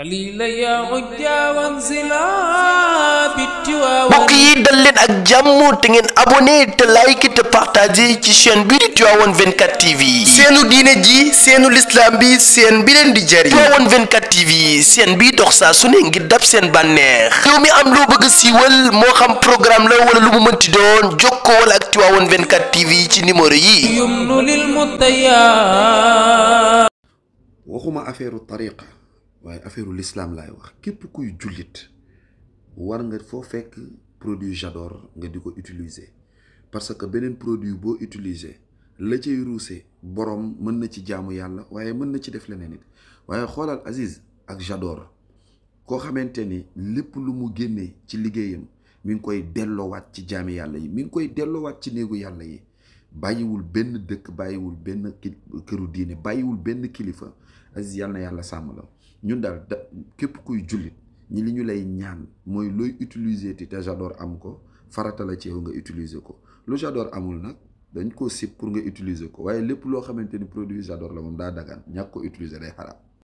mbokk yi dal leen ak jàmm te ngeen abonné te like te partagé ci chaîne bi di Tivaouane 24 TV seenu diine ji seenu lislaam bi seen bi leen di jëriñ Tivaouane 24 TV seen bi dox saa su ngir dab seen bànneex xew mi am loo bëgg a siiwal moo xam programme la wala lu mu mënti doon jokkoo wala ak Tivaouane 24 TV ci numéro yi waxuma affaire tariqa waaye affaireu lislaam laay wax képp kuy jullit war nga foo fekk produit Jador nga di ko utiliser parce que beneen produit boo utiliser la ciy ruuse borom mën na ci jaamu yàlla waaye mën na ci def leneen it waaye xoolal Aziz ak Jador koo xamante ni lépp lu mu génnee ci liggéeyam mu ngi koy delloowaat ci jaami yàlla yi mi ngi koy delloowaat ci néegu yàlla yi bàyyiwul benn dëkk bàyyiwul benn ki këru diine bàyyiwul benn kilifa Aziz yàlla na yàlla sàmm la ñun daal da képp kuy jullit ñi li ñu lay ñaan mooy looy utiliser ti te j'adore am ko farata la ci nga utiliser ko lu j'adore amul nag dañ ko sib pour nga utiliser ko waaye lépp loo xamante ni produit j'adore la moom daa dagan ñàkk ko utiliser day xaraam